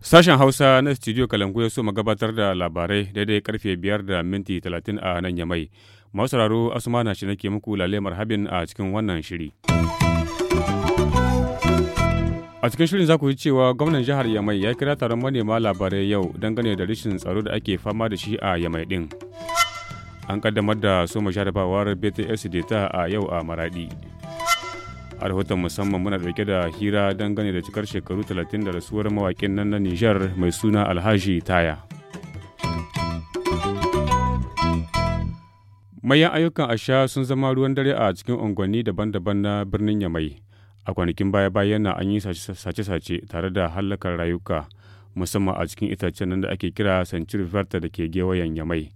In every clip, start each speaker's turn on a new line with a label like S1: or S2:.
S1: sashen hausa na studio kalangu ya so mu gabatar da labarai daidai karfe biyar da minti talatin a nan yamai masu raro asuma na shi nake muku lalemar habin a cikin wannan shiri. a cikin shirin za ku yi cewa gwamnan jihar yamai ya kira taron manema labarai yau dangane da rashin tsaro da ake fama da shi a yamai din an kaddamar da soma jarabawar bts data a yau a maradi a rahoton musamman muna dauke da hira dangane da cikar shekaru 30 da rasuwar mawakin nan na nijar mai suna alhaji taya mayan ayyukan asha sun zama ruwan dare a cikin unguwanni daban-daban na birnin yamai a kwanakin baya-bayan na an yi sace-sace tare da hallakar rayuka musamman a cikin itacen nan da ake kira sancir verta da ke gewayen yamai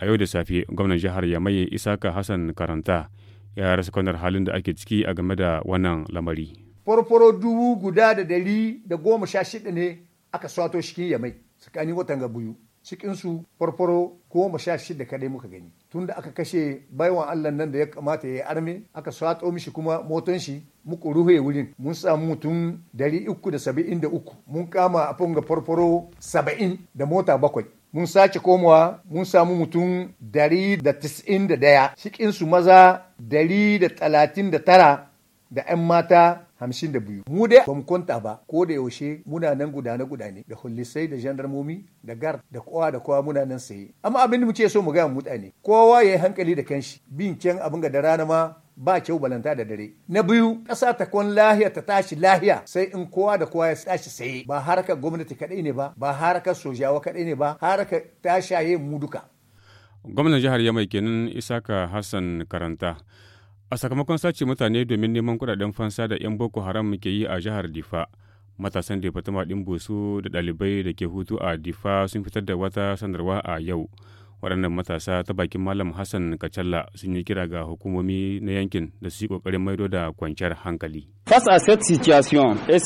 S1: a yau da safe gwamnan jihar yamai isaka hassan karanta ya rasa kwanar halin da ake ciki a game da wannan lamari
S2: farfaro dubu guda da dari da goma sha shida ne aka swato cikin yamai tsakanin watan ga buyu cikinsu farfaro goma sha shida kadai muka gani tunda aka kashe baiwan allah nan da ya kamata ya yi arme aka sato mishi kuma moton shi muku ruhe wurin mun samu mutum dari uku da saba'in da uku mun kama a fanga farfaro saba'in da mota bakwai mun sace komawa mun samu mutum dari da tis'in da daya cikinsu maza dari da talatin da tara da 'yan mata hamsin da biyu. Mu dai ba mu kwanta ba ko da yaushe muna nan gudane gudane da hulisai da jandarmomi da gar da kowa da kowa muna nan saye. Amma abin da muke so mu gaya mutane kowa ya yi hankali da kanshi bin can abin ga da rana ma ba kyau balanta da dare. Na biyu ƙasa ta kwan lahiya ta tashi lahiya sai in kowa da kowa ya tashi saye ba harkar gwamnati kaɗai ne ba ba harkar sojawa kaɗai ne ba harkar tashaye mu duka.
S1: Gwamnan jihar Yamai kenan Isaka Hassan Karanta. A sakamakon sace mutane domin neman kudaden fansa da 'yan Boko Haram ke yi a jihar Difa, matasan ma ɗin Boso da ɗalibai da ke hutu a Difa sun fitar da wata sanarwa a yau. Waɗannan matasa ta bakin Malam Hassan Kacalla sun yi kira ga hukumomi na yankin da su yi ƙoƙarin maido da kwanciyar hankali.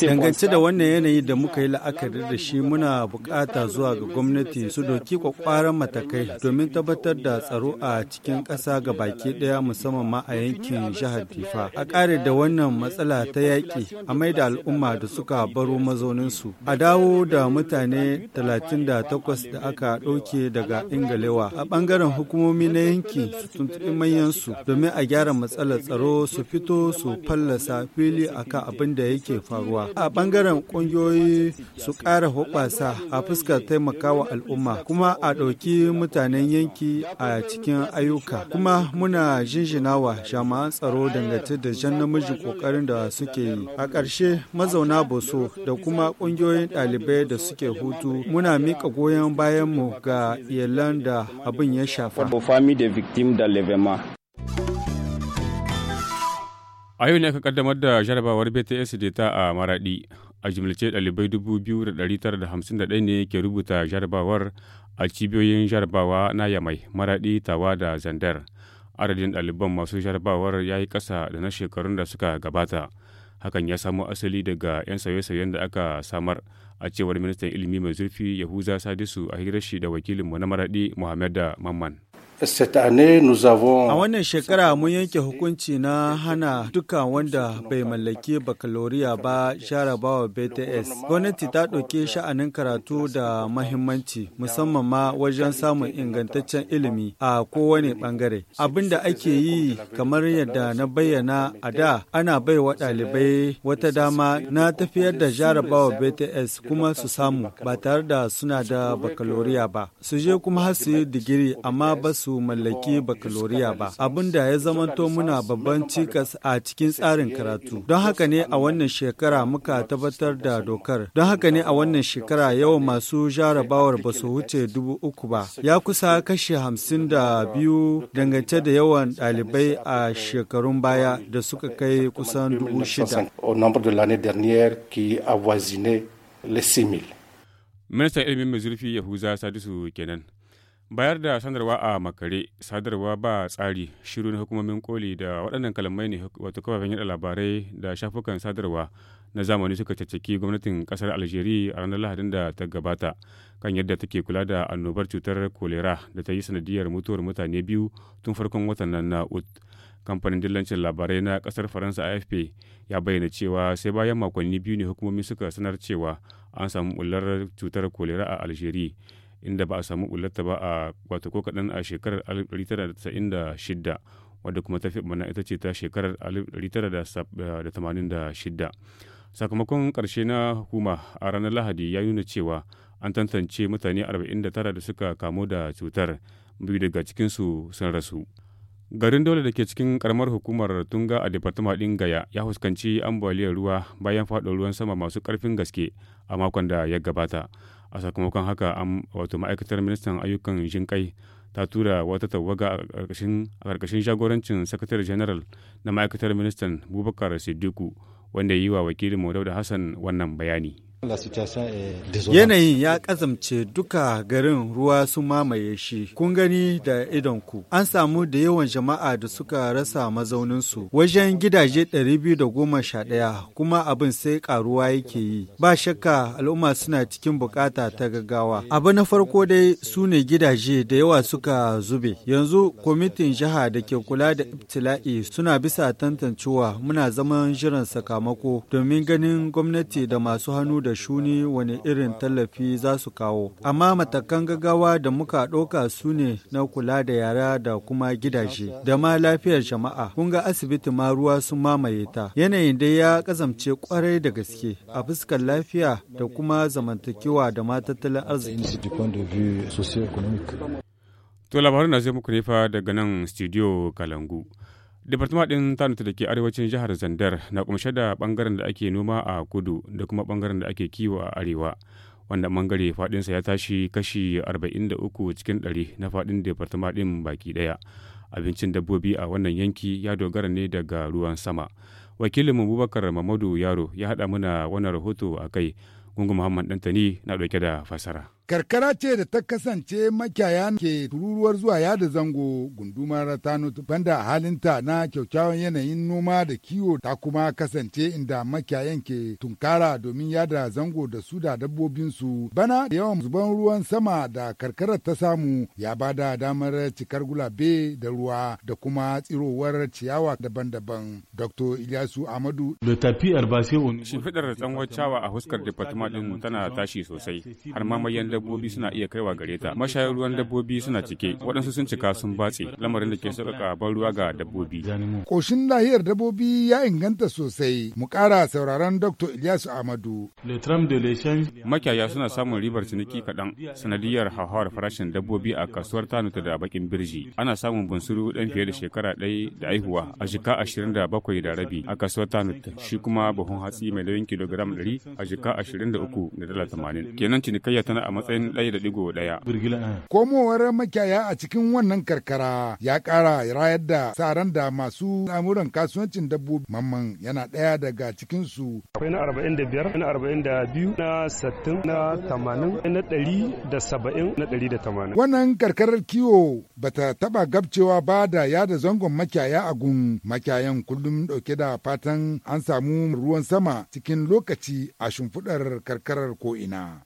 S1: Dangance
S3: da wannan yanayi da muka yi la'akari da shi muna bukata zuwa ga gwamnati su doki kwakwaran matakai domin tabbatar da tsaro a cikin ƙasa ga baki ɗaya musamman ma a yankin jihar Difa. A ƙare da wannan matsala ta yaki, a mai da al'umma da suka baro mazauninsu. A dawo da mutane 38 da aka ɗauke daga Ingalewa. A bangaren hukumomi na yanki su tuntuɓi su, domin a gyara matsalar tsaro su fito su fallasa fili akan abin da yake faruwa a bangaren kungiyoyi su ƙara hoɓasa a fuskar taimakawa al'umma kuma a ɗauki mutanen yanki a cikin ayyuka kuma muna jinjinawa jama'an tsaro dangantar da jan namijin ƙoƙarin da suke yi a ƙarshe mazauna boso da kuma ƙungiyoyin ɗalibai da suke hutu muna miƙa goyon bayanmu ga iyalan da abin ya shafa.
S1: A yau ne aka kaddamar da jarabawar BTS Data a Maradi. A jimilce ɗalibai 2,951 ne ke rubuta jarabawar a cibiyoyin jarabawa na Yamai, Maradi, Tawa da Zandar. Adadin ɗaliban masu jarabawar ya yi ƙasa da na shekarun da suka gabata. Hakan ya samo asali daga 'yan sauye-sauyen da aka samar a cewar ministan ilimi mai zurfi Yahuza Sadisu a hirar shi da wakilinmu na Maradi Muhammad Mamman. A
S3: wannan shekara mun yanke hukunci na hana duka wanda bai mallaki bakaloriya ba sharabawa BTS. Gwamnati ta ɗauki sha'anin karatu da mahimmanci musamman ma wajen samun ingantaccen ilimi a kowane ɓangare. Abin da ake yi kamar yadda na bayyana a da ana bai wa ɗalibai wata dama na tafiyar da jarabawa BTS kuma su samu ba tare da suna da bakaloriya ba. Su je kuma har su yi digiri amma ba su su mallaki bakaloriya ba abin da ya zamanto muna babban cikas a cikin tsarin karatu don haka ne a wannan shekara muka tabbatar da dokar don haka ne a wannan shekara yawan masu jarabawar ba su wuce dubu uku ba ya kusa kashi hamsin da biyu dangance da yawan ɗalibai a shekarun baya da suka kai kusan dubu shida
S1: Ministan ilimin mai zurfi Yahuza Sadisu kenan. bayar da sanarwa a makare sadarwa ba tsari shiru na hukumomin koli da waɗannan kalamai ne wato kafafen yada labarai da shafukan sadarwa na zamani suka caccaki gwamnatin ƙasar algeria a ranar lahadin da ta gabata kan yadda take kula da annobar cutar kolera da ta yi sanadiyar mutuwar mutane biyu tun farkon watan nan na ut kamfanin dillancin labarai na ƙasar faransa afp ya bayyana cewa sai bayan makonni biyu ne hukumomi suka sanar cewa an samu bullar cutar kolera a algeria inda ba a samu bullata ba a wato ko kaɗan a shekarar 1996 wadda kuma ta fi mana ita ce ta shekarar 1986 eh, sakamakon ƙarshe na hukuma a ranar lahadi ya nuna cewa an tantance mutane 49 da suka kamu da cutar biyu daga cikinsu sun rasu garin dole da ke cikin karamar hukumar tunga a departama ɗin gaya ya fuskanci ambaliyar ruwa bayan faɗo ruwan sama masu ƙarfin gaske a makon da ya gabata a sakamakon haka wato ma'aikatar ministan ayyukan jinƙai ta tura wata tawaga a ƙarƙashin jagorancin sakatare general na ma'aikatar ministan bubakar siddiku wanda yi wa wakilin maudauda da hassan wannan bayani Yanayin ya kazamce duka garin
S3: ruwa su mamaye shi, kun gani da idonku. An samu da yawan jama'a da suka rasa mazauninsu wajen gidaje 211 kuma abin sai karuwa yake yi. Ba shakka al'umma suna cikin bukata ta gaggawa. Abu na farko dai su ne gidaje da yawa suka zube. Yanzu kwamitin jiha da ke kula da ibtila'i suna bisa tantancewa muna zaman jiran sakamako domin ganin gwamnati da masu hannu da shuni wani irin tallafi za su kawo. Amma matakan gaggawa da muka ɗauka su ne na kula da yara da kuma gidaje da ma lafiyar jama'a. Kun ga asibiti ma ruwa sun mamaye ta. Yanayin dai ya kazamce kwarai da gaske a fuskar lafiya da kuma zamantakewa da ma tattalin arziki.
S1: To labarin na zai muku nefa daga nan studio Kalangu. Departement ɗin Tanut da ke arewacin jihar Zandar na kumshe da ɓangaren da ake noma a kudu da kuma ɓangaren da ake kiwo a arewa. Wanda ɓangare faɗinsa ya tashi kashi 43 cikin 100 na faɗin Departement ɗin baki ɗaya. Abincin dabbobi a wannan yanki ya dogara ne daga ruwan sama. Wakilin Abubakar Mamadu Yaro ya haɗa mana wannan rahoto a kai. Gungun Muhammad Dantani na ɗauke da fasara.
S4: Karkara ce da ta kasance makiyaya ke tururuwar zuwa yada zango gundumar Tano banda halinta na kyaukyawan yanayin noma da kiwo ta kuma kasance inda makiyayan ke tunkara domin yada zango da su da dabbobinsu. Bana da yawan zuban ruwan sama da karkarar ta samu ya bada damar cikar gulabe da ruwa da kuma tsirowar ciyawa daban-daban. Dr. Ilyasu Amadu. Da tafi
S1: arbasai ciyawa a huskar department tana tashi sosai har dabbobi suna iya kaiwa gare ta mashayar ruwan dabbobi suna cike waɗansu sun cika sun batse lamarin da ke sauƙaƙa ban ruwa ga dabbobi
S4: ƙoshin lahiyar dabbobi ya inganta sosai mu ƙara sauraron dr ilyasu amadu
S1: makiyaya suna samun ribar ciniki kaɗan sanadiyar hauhawar farashin dabbobi a kasuwar tanuta da bakin birji ana samun bunsuru ɗan fiye da shekara ɗaya da aihuwa a jika ashirin da bakwai da rabi a kasuwar tanuta shi kuma buhun hatsi mai nauyin kilogiram ɗari a jika ashirin da uku da dala tamanin kenan cinikayya tana a matsayin ɗaya da ɗigo ɗaya.
S4: Komowar makiyaya a cikin wannan karkara ya ƙara rayar da tsaron da masu lamuran kasuwancin dabbobi mamman yana ɗaya daga cikinsu. Akwai na arba'in
S3: da biyar, na arba'in da biyu, na sittin, na tamanin, na ɗari da saba'in, na ɗari da tamanin.
S4: Wannan karkarar kiwo bata taɓa gabcewa ba da yada zangon makiyaya a gun makiyayan kullum ɗauke da fatan an samu ruwan sama cikin lokaci a shimfiɗar karkarar ko'ina.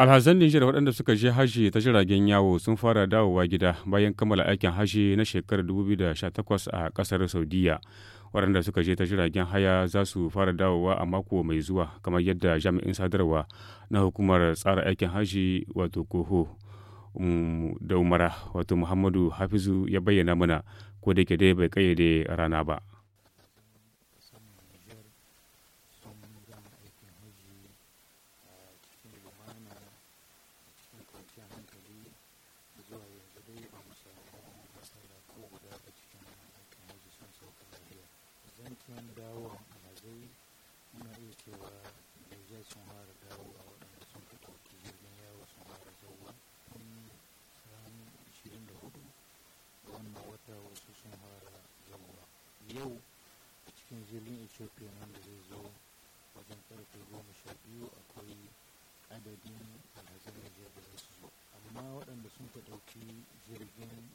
S1: alhazan da waɗanda suka je hajji ta jiragen yawo sun fara dawowa gida bayan kammala aikin hajji na shekarar 2018 a ƙasar saudiya waɗanda suka je ta jiragen haya za su fara dawowa a mako mai zuwa kamar yadda jami'in sadarwa na hukumar tsara aikin hajji wato koho um, da umara wato muhammadu hafizu ya bayyana mana ko da ke dai bai kayyade rana ba
S4: yau a cikin jirgin ethiopia wanda zai zo wajen karfe goma sha biyu akwai adadin alhazan da zai zo amma waɗanda sun ka ɗauki jirgin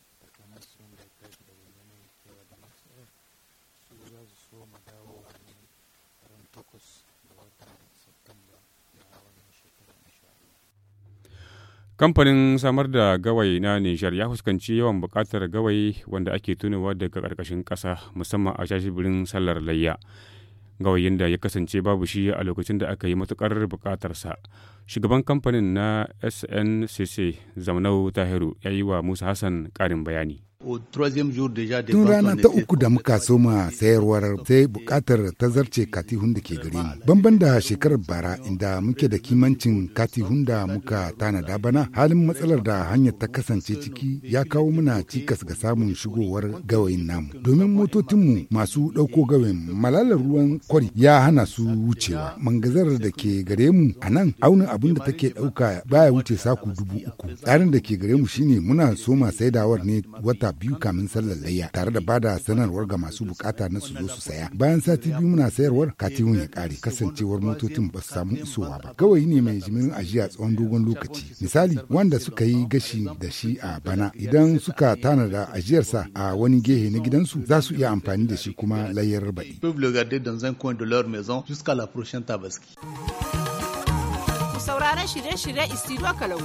S1: Kamfanin samar da gawayi na Nijar ya fuskanci yawan buƙatar gawayi wanda ake tunawa daga ƙarƙashin ƙasa musamman a shashibirin sallar layya. Gawayin da ya kasance babu shi a lokacin da aka yi matuƙar buƙatarsa. Shugaban kamfanin na SNCC Zamanau Tahiru ya yi wa Musa Hassan ƙarin bayani.
S2: Tun rana ta uku
S4: da muka soma sayarwar sai bukatar tazarce katihun da ke gare mu. Banban da shekarar bara inda muke da kimancin katihun da muka tanada bana halin matsalar da hanyar ta kasance ciki ya kawo muna cikas ga samun shigowar gawayin namu. Domin motocinmu masu ɗauko gawayin malalar ruwan kwari ya hana su wucewa. Mangazarar da ke gare mu a nan aunin abin da take ɗauka baya wuce saku dubu uku. Tsarin da ke gare mu shine muna soma saidawar ne wata biyu kamin sallar layya tare da bada sanarwar ga masu bukata na su zo su saya. Bayan sati biyu muna sayarwar katihun ya kare kasancewar motocin ba su samu isowa ba. Kawai ne mai jimirin ajiya tsawon dogon lokaci. Misali wanda suka yi gashi da shi a bana idan suka tanada ajiyarsa a wani gehe na gidansu za su iya amfani da shi kuma layyar baɗi. Sauraron shirye-shirye istiruwa Kalau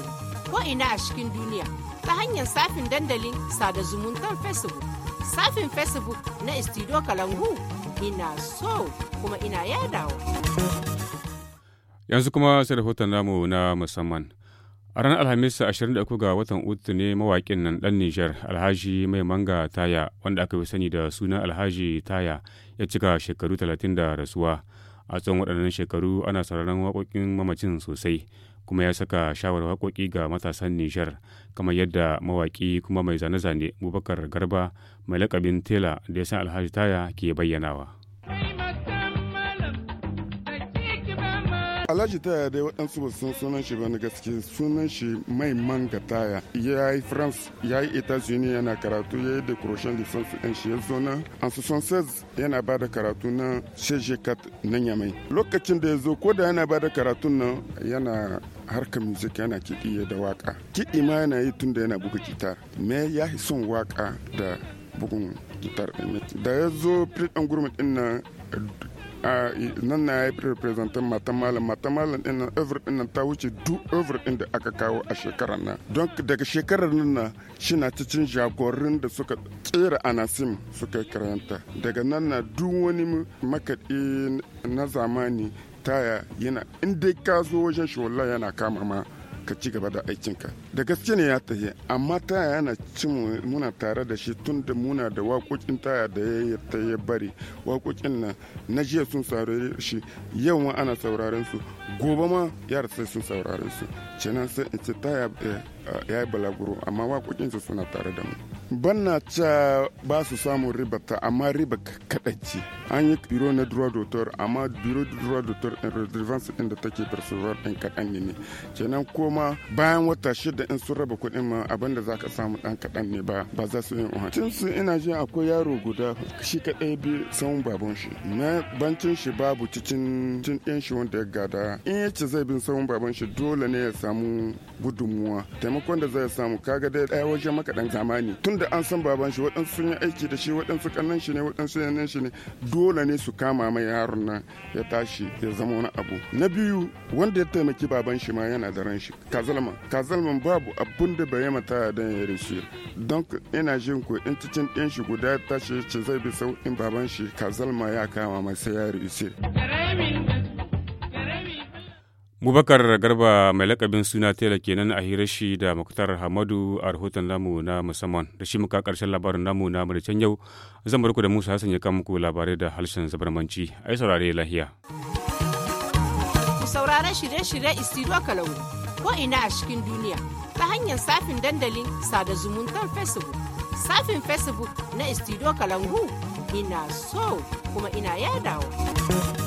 S4: ko ina a cikin duniya ta hanyar safin dandalin sada zumuntar facebook safin facebook na istido kalangu ina so kuma ina yadawa
S1: yanzu kuma sai rahoton namu na musamman a ranar alhamis 23 ga watan uku ne mawaƙin nan ɗan nijar alhaji mai manga taya wanda aka fi sani da sunan alhaji taya ya cika shekaru 30 da rasuwa a tsawon waɗannan shekaru ana sauraron waƙoƙin mamacin sosai kuma ya saka shawar waƙoƙi ga matasan nijar kamar yadda mawaƙi kuma mai zane-zane bubakar garba mai lakabin tela da ya san alhaji taya ke bayyanawa
S5: alhaji taya dai waɗansu ba sun sunan shi ba na gaske sunan shi mai manga taya ya yi france ya yi etats unis yana karatu ya yi decoration defense ɗin shi ya zo na. an su son yana ba da karatu na shejekat na yamai lokacin da ya zo ko da yana ba da karatu na yana harkar music yana kiɗi da waƙa kiɗi ma yana yi tun da yana buga gitar me ya son waƙa da bugun gitar da ya zo ɗin gurmi ɗin nan nan na yi representan matan malam matan malam din nan nan ta wuce duk over din da aka kawo a shekarar nan don daga shekarar nan na shi na cikin jagorin da suka tsere anasim suka yi karanta daga nan na duk wani makaɗi na zamani taya yana in dai ka zo wajen shola yana kama ma ka ci gaba da aikinka da gaske ne ya tahi amma taya yana cin muna tare da shi tun da muna da waƙoƙin taya da ya ta ya bari waƙoƙin na na jiya sun saurare shi yau ma ana sauraren su gobe ma yar sai sun saurare su kenan sai in ce taya eh, ya yi balaguro amma su suna tare da mu banna ca ba su samu ribata amma riba kadaici an yi biro na droit d'auteur amma biro droit d'auteur in redevance din da take percevoir din kaɗan ne ne kenan koma bayan wata shida in sun raba kuɗin ma abinda da zaka samu ɗan kaɗan ne ba ba za su yi uwa tun su ina jin akwai yaro guda shi kaɗai bi san baban shi na bancin shi babu cikin cin ɗin shi wanda ya gada in ya ce zai bin sahun baban shi dole ne ya samu gudunmuwa taimakon da zai samu kaga dai ɗaya wajen makaɗan zamani tun da an san baban shi waɗansu sun yi aiki da shi waɗansu kannan shi ne waɗansu yanan shi ne dole ne su kama mai yaron nan ya tashi ya zama wani abu na biyu wanda ya taimaki baban shi ma yana da ran shi kazalman kazalman babu abun da bai mata dan ya rishi don ina jin ko in cikin ɗin shi guda tashi ce zai bi sau in baban shi kazalma ya kama mai sai ya
S1: rishi Mubakar Garba mai lakabin suna tela kenan a hirar shi da Muktar Hamadu a rahoton namu na musamman da shi muka karshen labarin namu na Mauritania yau zan bar da Musa Hassan ya kama muku labarai da harshen zabarmanci ai saurare lahiya.
S4: Ku saurare shirye-shirye Istido Kalau ko ina a cikin duniya ta hanyar safin dandalin sada zumuntar Facebook. Safin Facebook na Istido Kalangu ina so kuma ina yadawa.